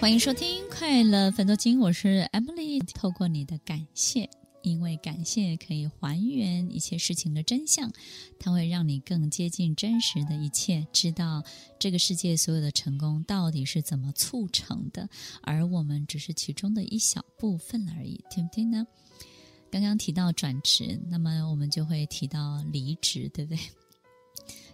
歡迎收聽《快樂奮鬥經》粉精，我是 Emily。透過你的感謝，因為感謝可以還原一切事情的真相，它會讓你更接近真實的一切，知道這個世界所有的成功到底是怎麼促成的，而我們只是其中的一小部分而已，對不對呢？剛剛提到轉職，那麼我們就會提到離職，對不對？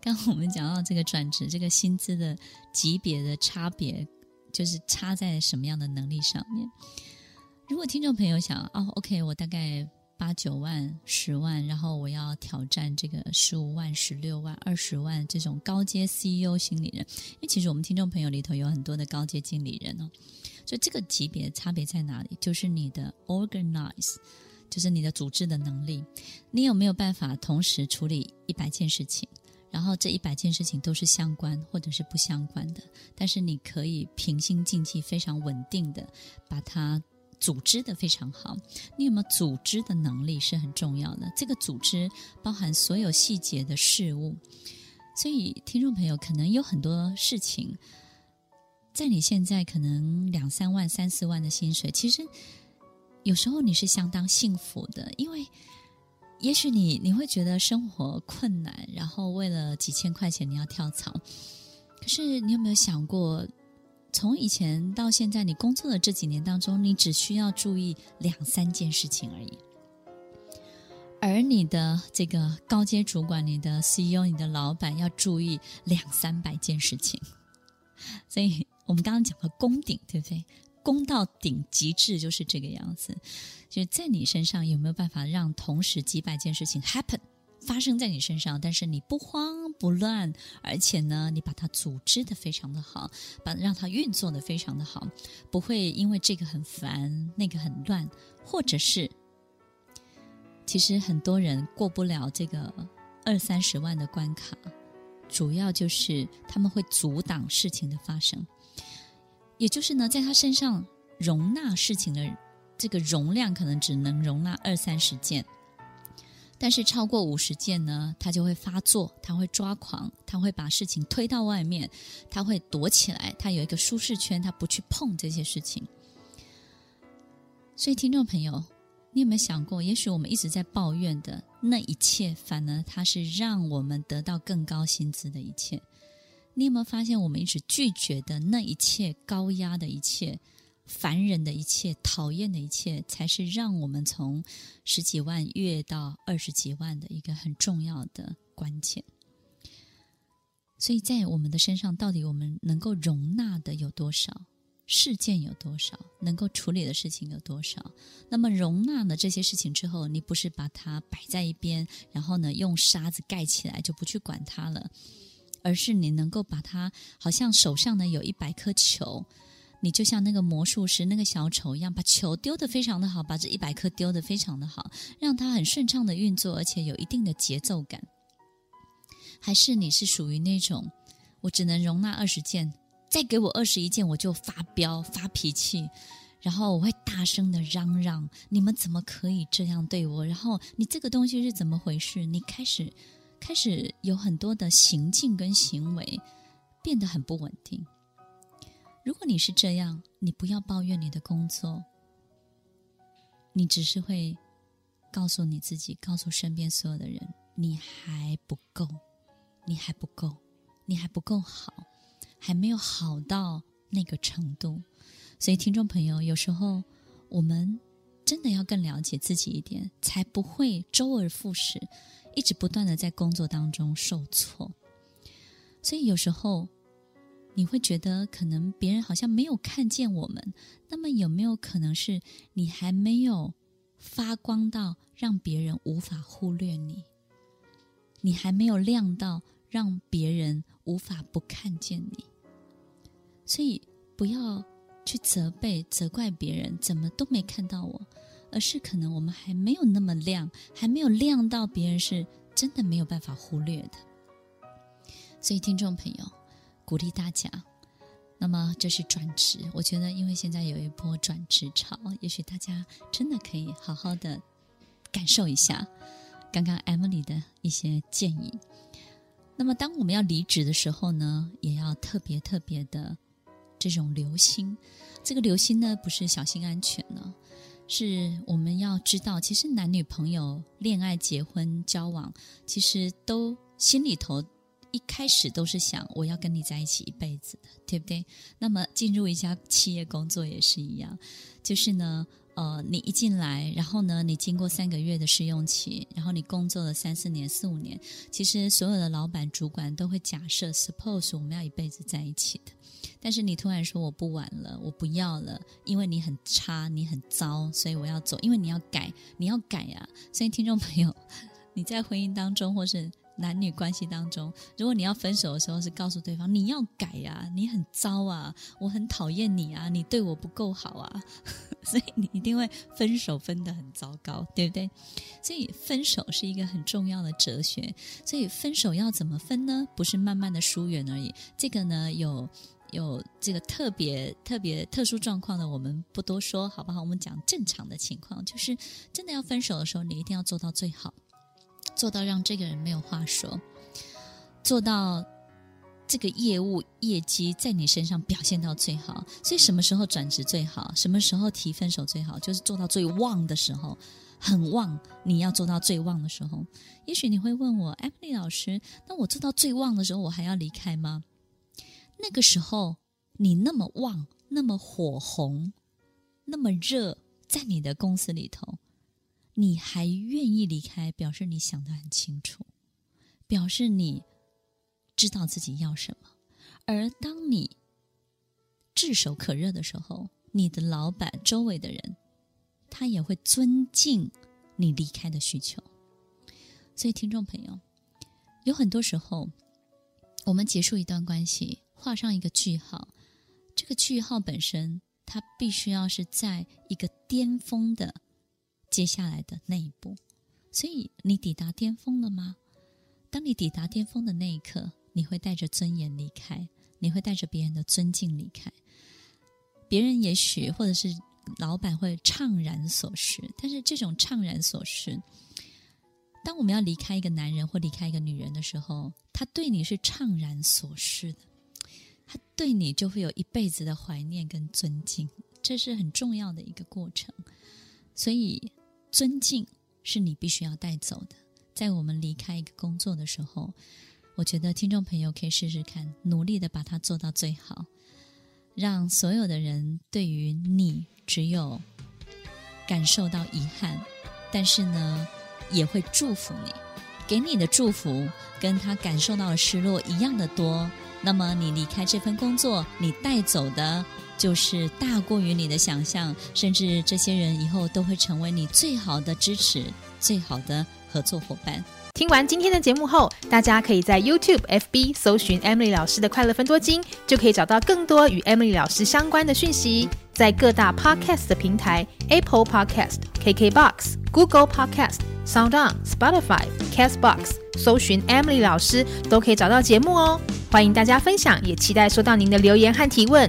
剛剛我們講到這個轉職，這個薪資的級別的差別。就是差在什麼樣的能力上面。如果聽眾朋友想哦，OK，我大概八九萬、十萬，然後我要挑戰這個十五萬、十六萬、二十萬這種高階 CEO 經理人，因為其實我們聽眾朋友裡頭有很多的高階經理人哦，所以這個級別差別在哪裡？就是你的 organize，就是你的組織的能力，你有沒有辦法同時處理一百件事情？然後這一百件事情都是相關或者是不相關的，但是你可以平心靜氣、非常穩定的把它組織得非常好。你有沒有組織的能力是很重要的。這個組織包含所有細節的事物，所以聽眾朋友可能有很多事情，在你現在可能兩三萬、三四萬的薪水，其實有時候你是相當幸福的，因為也許你你會覺得生活困難，然後為了幾千塊錢你要跳槽，可是你有沒有想過，從以前到現在你工作的這幾年當中，你只需要注意兩三件事情而已，而你的這個高階主管、你的 CEO、你的老闆要注意兩三百件事情，所以我們剛剛講了攻頂，對不對？攻到頂極致就是這個樣子，就是在你身上有沒有辦法讓同時幾百件事情 happen 發生在你身上，但是你不慌不亂，而且呢，你把它組織的非常的好，把讓它運作的非常的好，不會因為這個很煩，那個很亂，或者是其實很多人過不了這個二三十萬的關卡，主要就是他們會阻擋事情的發生。也就是呢，在他身上容納事情的這個容量，可能只能容納二三十件，但是超過五十件呢，他就會發作，他會抓狂，他會把事情推到外面，他會躲起來，他有一個舒適圈，他不去碰這些事情。所以，聽眾朋友，你有沒有想過，也許我們一直在抱怨的那一切，反而它是讓我們得到更高薪資的一切。你有沒有發現，我們一直拒絕的那一切、高壓的一切、煩人的一切、討厭的一切，才是讓我們從十幾萬躍到二十幾萬的一個很重要的關鍵。所以在我們的身上，到底我們能夠容納的有多少事件，有多少能夠處理的事情，有多少？那麼容納了這些事情之後，你不是把它擺在一邊，然後呢，用沙子蓋起來，就不去管它了。而是你能夠把它，好像手上呢有一百顆球，你就像那個魔術師、那個小丑一樣，把球丟得非常的好，把這一百顆丟得非常的好，讓它很順暢的運作，而且有一定的節奏感。還是你是屬於那種，我只能容納二十件，再給我二十一件我就發飆、發脾氣，然後我會大聲的嚷嚷，你們怎麼可以這樣對我？然後你這個東西是怎麼回事？你開始。開始有很多的行徑跟行為變得很不穩定。如果你是這樣，你不要抱怨你的工作，你只是會告訴你自己，告訴身邊所有的人，你還不夠，你還不夠，你還不夠好，還沒有好到那個程度。所以聽眾朋友，有時候我們。真的要更了解自己一點，才不會週而復始，一直不斷的在工作當中受挫。所以有時候你會覺得，可能別人好像沒有看見我們。那麼有沒有可能是你還沒有發光到讓別人無法忽略你？你還沒有亮到讓別人無法不看見你？所以不要。去責備、責怪別人，怎麼都沒看到我，而是可能我們還沒有那麼亮，還沒有亮到別人是真的沒有辦法忽略的。所以，聽眾朋友，鼓勵大家。那麼，這是轉職，我覺得因為現在有一波轉職潮，也許大家真的可以好好的感受一下剛剛 Emily 的一些建議。那麼，當我們要離職的時候呢，也要特別特別的。這種留心，這個留心呢，不是小心安全呢，是我們要知道，其實男女朋友戀愛、結婚、交往，其實都心裡頭一開始都是想，我要跟你在一起一輩子的，對不對？那麼進入一家企業工作也是一樣，就是呢。呃，你一進來，然後呢，你經過三個月的試用期，然後你工作了三四年、四五年，其實所有的老闆、主管都會假設，suppose 我們要一輩子在一起的。但是你突然說我不玩了，我不要了，因為你很差，你很糟，所以我要走。因為你要改，你要改啊！所以聽眾朋友，你在婚姻當中，或是。男女關係當中，如果你要分手的時候，是告訴對方你要改呀，你很糟啊，我很討厭你啊，你對我不夠好啊， 所以你一定會分手分得很糟糕，對不對？所以分手是一個很重要的哲學，所以分手要怎麼分呢？不是慢慢的疏遠而已，這個呢有有這個特別特別特殊狀況的，我們不多說，好不好？我們講正常的情況，就是真的要分手的時候，你一定要做到最好。做到讓這個人沒有話說，做到這個業務業績在你身上表現到最好。所以什麼時候轉職最好？什麼時候提分手最好？就是做到最旺的時候，很旺。你要做到最旺的時候，也許你會問我，Emily 老師，那我做到最旺的時候，我還要離開嗎？那個時候你那麼旺，那麼火紅，那麼熱，在你的公司裡頭。你還願意離開，表示你想得很清楚，表示你知道自己要什麼。而當你炙手可熱的時候，你的老闆、周圍的人，他也會尊敬你離開的需求。所以，聽眾朋友，有很多時候，我們結束一段關係，畫上一個句號。這個句號本身，它必須要是在一個巔峰的。接下來的那一步，所以你抵達巔峰了嗎？當你抵達巔峰的那一刻，你會帶着尊嚴離開，你會帶着別人的尊敬離開。別人也許或者是老闆會悵然所失，但是這種悵然所失，當我們要離開一個男人或離開一個女人的時候，他對你是悵然所失的，他對你就會有一輩子的懷念跟尊敬，這是很重要的一個過程。所以。尊敬是你必須要帶走的。在我們離開一個工作的時候，我覺得聽眾朋友可以試試看，努力的把它做到最好，讓所有的人對於你只有感受到遺憾，但是呢，也會祝福你，給你的祝福跟他感受到的失落一樣的多。那麼你離開這份工作，你帶走的。就是大過於你的想象，甚至這些人以後都會成為你最好的支持、最好的合作夥伴。聽完今天的節目後，大家可以在 YouTube、FB 搜尋 Emily 老師的快樂分多金，就可以找到更多與 Emily 老師相關的訊息。在各大 Podcast 的平台，Apple Podcast、KKBox、Google Podcast、SoundOn、Spotify、Castbox 搜尋 Emily 老師，都可以找到節目哦。歡迎大家分享，也期待收到您的留言和提問。